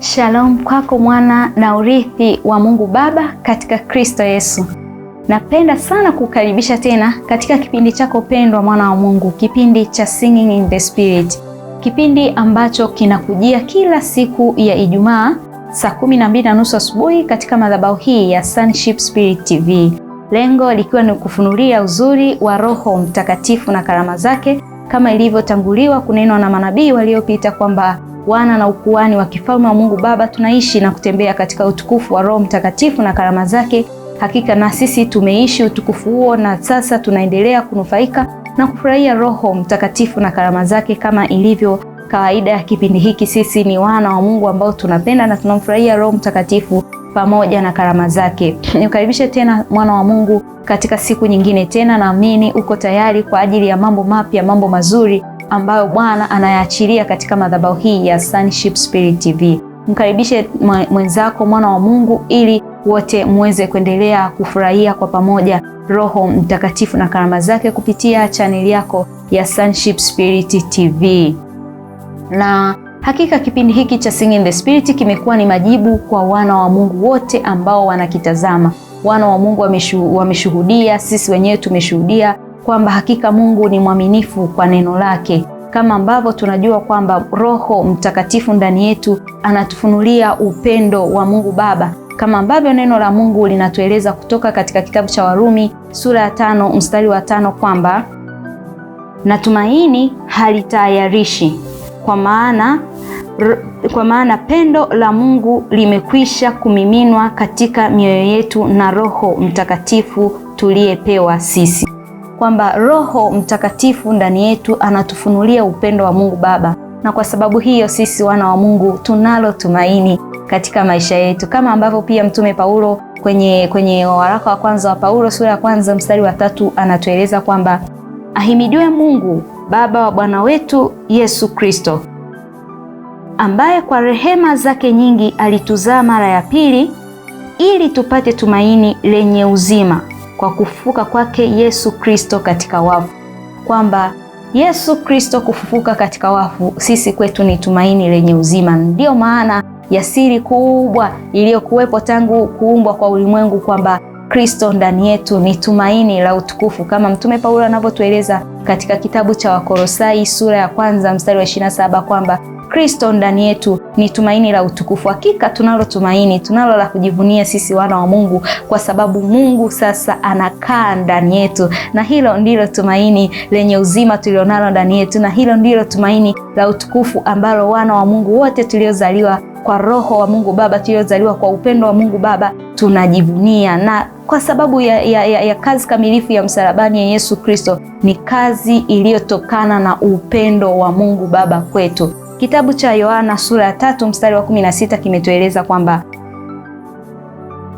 Shalom kwako mwana na urithi wa Mungu Baba katika Kristo Yesu. Napenda sana kukaribisha tena katika kipindi chako pendwa mwana wa Mungu, kipindi cha Singing in the Spirit, kipindi ambacho kinakujia kila siku ya Ijumaa saa kumi na mbili na nusu asubuhi katika madhabahu hii ya Sonship Spirit TV, lengo likiwa ni kufunulia uzuri wa Roho Mtakatifu na karama zake kama ilivyotanguliwa kunenwa na manabii waliopita kwamba wana na ukuani wa kifalme wa Mungu Baba, tunaishi na kutembea katika utukufu wa Roho Mtakatifu na karama zake. Hakika na sisi tumeishi utukufu huo na sasa tunaendelea kunufaika na kufurahia Roho Mtakatifu na karama zake kama ilivyo kawaida ya kipindi hiki. Sisi ni wana wa Mungu ambao tunapenda na tunamfurahia Roho Mtakatifu pamoja na karama zake. Niukaribishe tena mwana wa Mungu katika siku nyingine tena, naamini uko tayari kwa ajili ya mambo mapya, mambo mazuri ambayo Bwana anayaachilia katika madhabahu hii ya Sonship Spirit TV. Mkaribishe mwenzako mwana wa Mungu ili wote muweze kuendelea kufurahia kwa pamoja Roho Mtakatifu na karama zake kupitia chaneli yako ya Sonship Spirit TV. Na hakika kipindi hiki cha Singing in the Spirit kimekuwa ni majibu kwa wana wa Mungu wote ambao wanakitazama. Wana wa Mungu wameshuhudia, sisi wenyewe tumeshuhudia kwamba hakika Mungu ni mwaminifu kwa neno lake, kama ambavyo tunajua kwamba Roho Mtakatifu ndani yetu anatufunulia upendo wa Mungu Baba, kama ambavyo neno la Mungu linatueleza kutoka katika kitabu cha Warumi sura ya tano mstari wa tano kwamba natumaini halitayarishi kwa maana kwa maana pendo la Mungu limekwisha kumiminwa katika mioyo yetu na Roho Mtakatifu tuliyepewa sisi kwamba Roho Mtakatifu ndani yetu anatufunulia upendo wa Mungu Baba, na kwa sababu hiyo sisi wana wa Mungu tunalo tumaini katika maisha yetu, kama ambavyo pia Mtume Paulo kwenye kwenye waraka wa kwanza wa Paulo sura ya kwanza mstari wa tatu anatueleza kwamba ahimidiwe Mungu Baba wa Bwana wetu Yesu Kristo, ambaye kwa rehema zake nyingi alituzaa mara ya pili ili tupate tumaini lenye uzima kwa kufufuka kwake Yesu Kristo katika wafu, kwamba Yesu Kristo kufufuka katika wafu sisi kwetu ni tumaini lenye uzima. Ndiyo maana ya siri kubwa iliyokuwepo tangu kuumbwa kwa ulimwengu kwamba Kristo ndani yetu ni tumaini la utukufu, kama Mtume Paulo anavyotueleza katika kitabu cha Wakolosai sura ya kwanza mstari wa 27 kwamba Kristo ndani yetu ni tumaini la utukufu. Hakika tunalo tumaini, tunalo la kujivunia sisi wana wa Mungu, kwa sababu Mungu sasa anakaa ndani yetu, na hilo ndilo tumaini lenye uzima tulionalo ndani yetu, na hilo ndilo tumaini la utukufu ambalo wana wa Mungu wote tuliozaliwa kwa roho wa Mungu Baba, tuliozaliwa kwa upendo wa Mungu Baba tunajivunia na kwa sababu ya, ya, ya, ya kazi kamilifu ya msalabani ya Yesu Kristo, ni kazi iliyotokana na upendo wa Mungu Baba kwetu. Kitabu cha Yohana sura ya tatu mstari wa 16 kimetueleza kwamba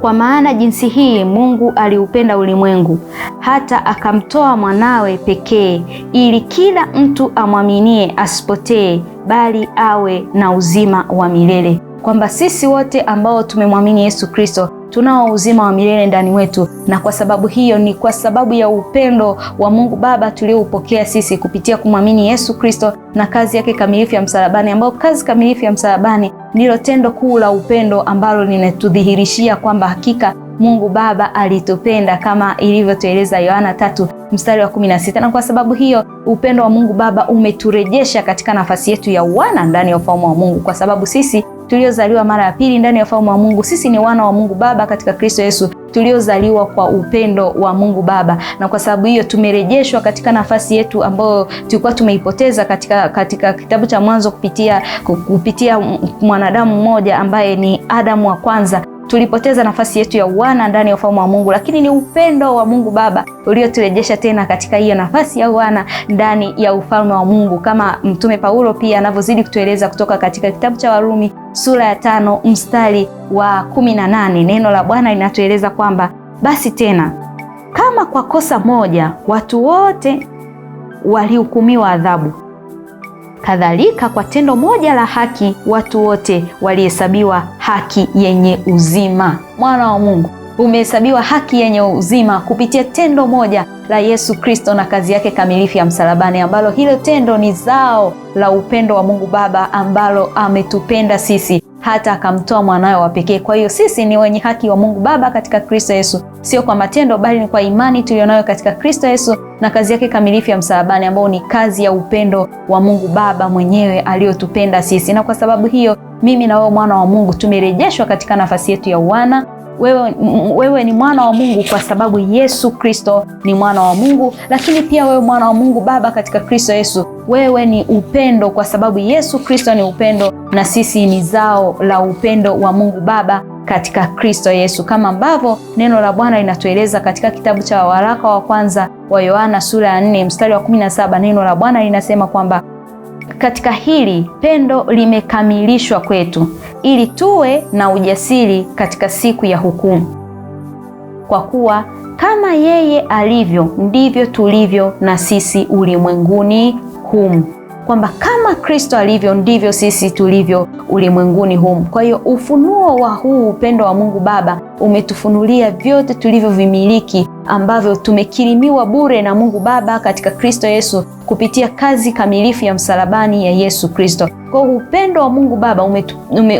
kwa maana jinsi hii Mungu aliupenda ulimwengu hata akamtoa mwanawe pekee, ili kila mtu amwaminie asipotee, bali awe na uzima wa milele. Kwamba sisi wote ambao tumemwamini Yesu Kristo tunao uzima wa milele ndani wetu, na kwa sababu hiyo, ni kwa sababu ya upendo wa Mungu Baba tulioupokea sisi kupitia kumwamini Yesu Kristo na kazi yake kamilifu ya msalabani, ambayo kazi kamilifu ya msalabani ndilo tendo kuu la upendo ambalo linatudhihirishia kwamba hakika Mungu Baba alitupenda kama ilivyotueleza Yohana tatu mstari wa 16. Na kwa sababu hiyo upendo wa Mungu Baba umeturejesha katika nafasi yetu ya wana ndani ya ufalme wa Mungu, kwa sababu sisi tuliozaliwa mara ya pili ndani ya ufalme wa Mungu. Sisi ni wana wa Mungu Baba katika Kristo Yesu tuliozaliwa kwa upendo wa Mungu Baba, na kwa sababu hiyo tumerejeshwa katika nafasi yetu ambayo tulikuwa tumeipoteza katika katika kitabu cha Mwanzo kupitia kupitia mwanadamu mmoja ambaye ni Adamu wa kwanza tulipoteza nafasi yetu ya uwana ndani ya ufalme wa Mungu, lakini ni upendo wa Mungu Baba ulioturejesha tena katika hiyo nafasi ya uwana ndani ya ufalme wa Mungu, kama Mtume Paulo pia anavyozidi kutueleza kutoka katika kitabu cha Warumi sura ya tano mstari wa kumi na nane neno la Bwana linatueleza kwamba basi tena kama kwa kosa moja watu wote walihukumiwa adhabu, kadhalika kwa tendo moja la haki watu wote walihesabiwa haki yenye uzima. Mwana wa Mungu, umehesabiwa haki yenye uzima kupitia tendo moja la Yesu Kristo na kazi yake kamilifu ya msalabani, ambalo hilo tendo ni zao la upendo wa Mungu Baba, ambalo ametupenda sisi hata akamtoa mwanawe wa pekee. Kwa hiyo sisi ni wenye haki wa Mungu Baba katika Kristo Yesu, sio kwa matendo, bali ni kwa imani tuliyonayo katika Kristo Yesu na kazi yake kamilifu ya msalabani, ambayo ni kazi ya upendo wa Mungu Baba mwenyewe aliyotupenda sisi. Na kwa sababu hiyo, mimi na wewe mwana wa Mungu tumerejeshwa katika nafasi yetu ya uwana wewe, wewe ni mwana wa Mungu kwa sababu Yesu Kristo ni mwana wa Mungu, lakini pia wewe mwana wa Mungu Baba katika Kristo Yesu. Wewe ni upendo kwa sababu Yesu Kristo ni upendo, na sisi ni zao la upendo wa Mungu Baba katika Kristo Yesu, kama ambavyo neno la Bwana linatueleza katika kitabu cha waraka wa kwanza wa Yohana sura ya 4 mstari wa 17, neno la Bwana linasema kwamba katika hili pendo limekamilishwa kwetu, ili tuwe na ujasiri katika siku ya hukumu, kwa kuwa kama yeye alivyo ndivyo tulivyo na sisi ulimwenguni humu kwamba kama Kristo alivyo ndivyo sisi tulivyo ulimwenguni humu. Kwa hiyo ufunuo wa huu upendo wa Mungu Baba umetufunulia vyote tulivyovimiliki ambavyo tumekirimiwa bure na Mungu Baba katika Kristo Yesu kupitia kazi kamilifu ya msalabani ya Yesu Kristo. Kwa upendo wa Mungu Baba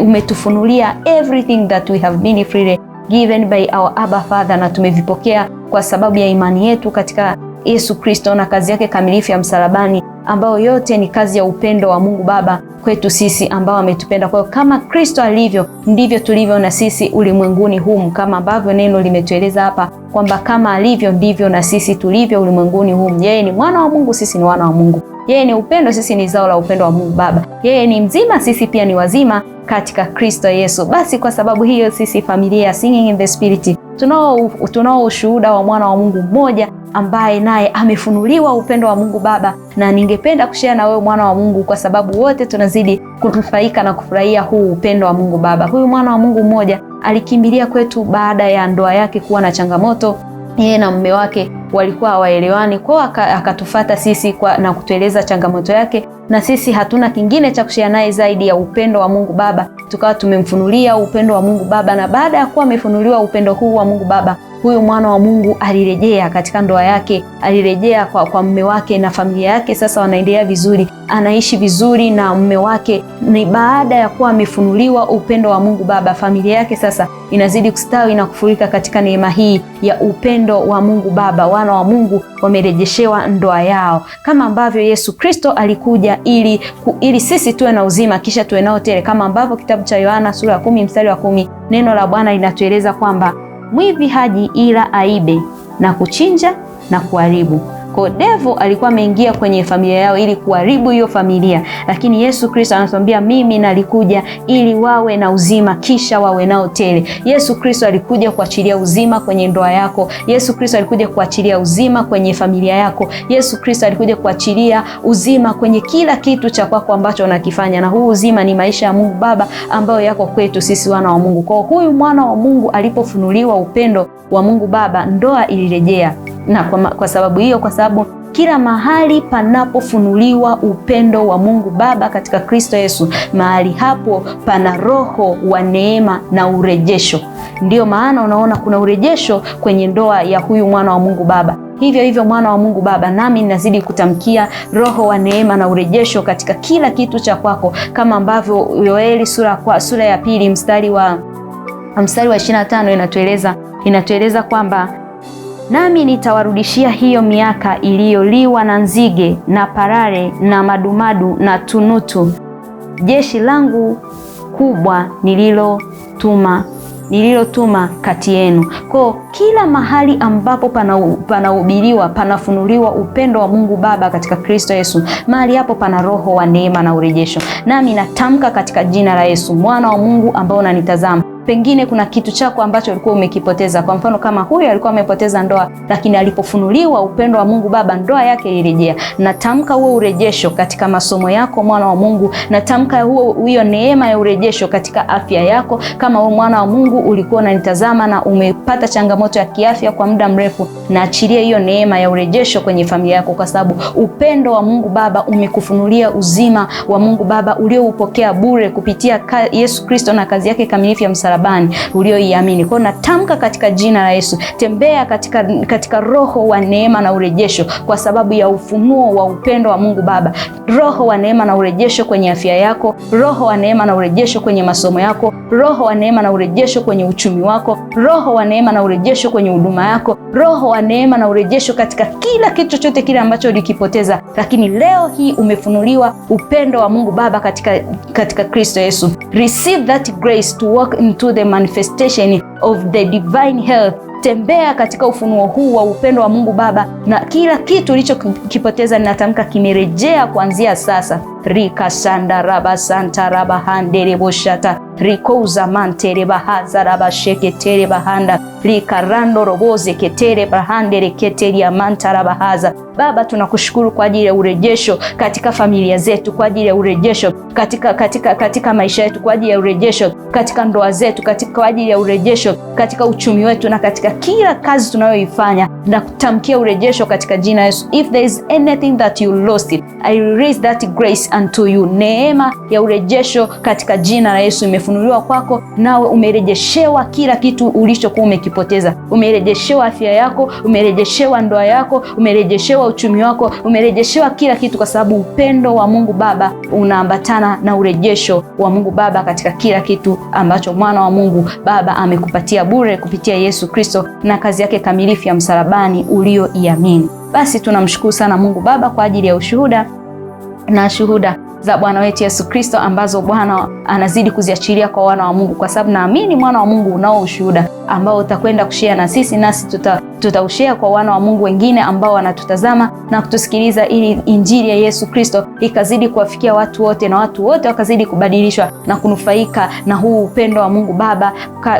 umetufunulia everything that we have been freely given by our Abba Father na tumevipokea kwa sababu ya imani yetu katika Yesu Kristo na kazi yake kamilifu ya msalabani, ambayo yote ni kazi ya upendo wa Mungu Baba kwetu sisi ambao ametupenda. Kwa hiyo kama Kristo alivyo ndivyo tulivyo na sisi ulimwenguni humu, kama ambavyo neno limetueleza hapa kwamba kama alivyo ndivyo na sisi tulivyo ulimwenguni humu. Yeye ni mwana wa Mungu, sisi ni wana wa Mungu. Yeye ni upendo, sisi ni zao la upendo wa Mungu Baba. Yeye ni mzima, sisi pia ni wazima katika Kristo Yesu. Basi kwa sababu hiyo sisi familia ya Singing in the Spirit Tunao tunao ushuhuda wa mwana wa Mungu mmoja ambaye naye amefunuliwa upendo wa Mungu Baba, na ningependa kushare na wewe mwana wa Mungu, kwa sababu wote tunazidi kunufaika na kufurahia huu upendo wa Mungu Baba. Huyu mwana wa Mungu mmoja alikimbilia kwetu baada ya ndoa yake kuwa na changamoto. Yeye na mume wake walikuwa hawaelewani kwao, akatufata sisi kwa, na kutueleza changamoto yake, na sisi hatuna kingine cha kushare naye zaidi ya upendo wa Mungu Baba tukawa tumemfunulia upendo wa Mungu Baba, na baada ya kuwa amefunuliwa upendo huu wa Mungu Baba huyu mwana wa Mungu alirejea katika ndoa yake, alirejea kwa, kwa mme wake na familia yake. Sasa wanaendelea vizuri, anaishi vizuri na mme wake. Ni baada ya kuwa amefunuliwa upendo wa Mungu Baba, familia yake sasa inazidi kustawi na kufurika katika neema hii ya upendo wa Mungu Baba. Wana wa Mungu wamerejeshewa ndoa yao, kama ambavyo Yesu Kristo alikuja ili, ku, ili sisi tuwe na uzima kisha tuwe nao tele, kama ambavyo kitabu cha Yohana sura ya kumi mstari wa kumi neno la Bwana linatueleza kwamba mwivi haji ila aibe na kuchinja na kuharibu. Kwa devil alikuwa ameingia kwenye familia yao ili kuharibu hiyo familia, lakini Yesu Kristo anatuambia mimi nalikuja ili wawe na uzima kisha wawe nao tele. Yesu Kristo alikuja kuachilia uzima kwenye ndoa yako. Yesu Kristo alikuja kuachilia uzima kwenye familia yako. Yesu Kristo alikuja kuachilia uzima kwenye kila kitu cha kwako ambacho unakifanya, na huu uzima ni maisha ya Mungu Baba ambayo yako kwetu sisi wana wa Mungu. Kwa huyu mwana wa Mungu alipofunuliwa upendo wa Mungu Baba, ndoa ilirejea na kwa, kwa sababu hiyo, kwa sababu kila mahali panapofunuliwa upendo wa Mungu Baba katika Kristo Yesu, mahali hapo pana roho wa neema na urejesho. Ndiyo maana unaona kuna urejesho kwenye ndoa ya huyu mwana wa Mungu Baba. Hivyo hivyo mwana wa Mungu Baba, nami ninazidi kutamkia roho wa neema na urejesho katika kila kitu cha kwako, kama ambavyo Yoeli sura, kwa, sura ya pili mstari wa mstari wa 25 inatueleza inatueleza kwamba nami nitawarudishia hiyo miaka iliyoliwa na nzige na parare na madumadu na tunutu, jeshi langu kubwa nililotuma nililotuma kati yenu. Kwa kila mahali ambapo panahubiriwa, pana panafunuliwa upendo wa Mungu Baba katika Kristo Yesu, mahali hapo pana roho wa neema na urejesho. Nami natamka katika jina la Yesu, mwana wa Mungu ambao unanitazama pengine kuna kitu chako ambacho ulikuwa umekipoteza. Kwa mfano kama huyu alikuwa amepoteza ndoa, lakini alipofunuliwa upendo wa Mungu Baba, ndoa yake ilirejea. Natamka huo urejesho katika masomo yako, mwana wa Mungu. Natamka huo hiyo neema ya urejesho katika afya yako. Kama wewe mwana wa Mungu ulikuwa unanitazama na umepata changamoto ya kiafya kwa muda mrefu, naachilia hiyo neema ya urejesho kwenye familia yako, kwa sababu upendo wa Mungu Baba umekufunulia uzima wa Mungu Baba ulioupokea bure kupitia Yesu Kristo na kazi yake kamilifu ya msalaba msalabani ulioiamini. Kwa hiyo natamka katika jina la Yesu, tembea katika, katika roho wa neema na urejesho kwa sababu ya ufunuo wa upendo wa Mungu Baba, roho wa neema na urejesho kwenye afya yako, roho wa neema na urejesho kwenye masomo yako, roho wa neema na urejesho kwenye uchumi wako, roho wa neema na urejesho kwenye huduma yako, roho wa neema na urejesho katika kila kitu chochote kile ambacho ulikipoteza, lakini leo hii umefunuliwa upendo wa Mungu Baba katika katika Kristo Yesu. Receive that grace to walk in to the manifestation of the divine health. Tembea katika ufunuo huu wa upendo wa Mungu Baba, na kila kitu ulichokipoteza ninatamka kimerejea kuanzia sasa. sheke tere bahanda likarando roboze ketere brahandere keteria mantara bahaza. Baba, tunakushukuru kwa ajili ya urejesho katika familia zetu, kwa ajili ya urejesho katika, katika, katika maisha yetu, kwa ajili ya urejesho katika ndoa zetu, katika kwa ajili ya urejesho katika uchumi wetu na katika kila kazi tunayoifanya, na kutamkia urejesho katika jina Yesu. If there is anything that you lost it, I release that grace unto you. Neema ya urejesho katika jina la Yesu imefunuliwa kwako, nawe umerejeshewa kila kitu ulichokuwa umeki umekipoteza. Umerejeshewa afya yako, umerejeshewa ndoa yako, umerejeshewa uchumi wako, umerejeshewa kila kitu, kwa sababu upendo wa Mungu Baba unaambatana na urejesho wa Mungu Baba katika kila kitu ambacho mwana wa Mungu Baba amekupatia bure kupitia Yesu Kristo na kazi yake kamilifu ya msalabani ulioiamini. Basi tunamshukuru sana Mungu Baba kwa ajili ya ushuhuda na shuhuda za Bwana wetu Yesu Kristo ambazo Bwana anazidi kuziachilia kwa wana wa Mungu, kwa sababu naamini mwana wa Mungu unao ushuhuda ambao utakwenda kushia na sisi, nasi tuta tutaushea kwa wana wa Mungu wengine ambao wanatutazama na kutusikiliza, ili injili ya Yesu Kristo ikazidi kuwafikia watu wote na watu wote wakazidi kubadilishwa na kunufaika na huu upendo wa Mungu Baba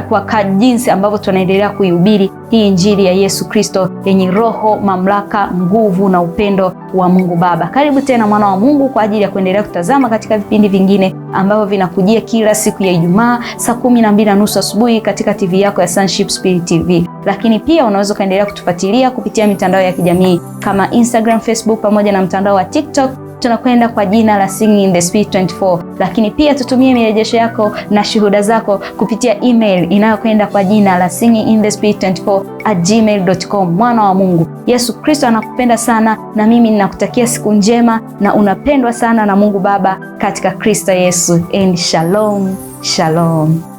kwa ka jinsi ambavyo tunaendelea kuihubiri hii injili ya Yesu Kristo yenye roho, mamlaka, nguvu na upendo wa Mungu Baba. Karibu tena mwana wa Mungu kwa ajili ya kuendelea kutazama katika vipindi vingine ambavyo vinakujia kila siku ya Ijumaa saa kumi na mbili na nusu asubuhi katika TV yako ya Sonship Spirit TV lakini pia unaweza ukaendelea kutufuatilia kupitia mitandao ya kijamii kama Instagram, Facebook pamoja na mtandao wa TikTok tunakwenda kwa jina la Singing in the Spirit 24, lakini pia tutumie mirejesho yako na shuhuda zako kupitia email inayokwenda kwa jina la Singing in the Spirit 24 at gmail.com. Mwana wa Mungu, Yesu Kristo anakupenda sana, na mimi ninakutakia siku njema, na unapendwa sana na Mungu Baba katika Kristo Yesu. And shalom shalom.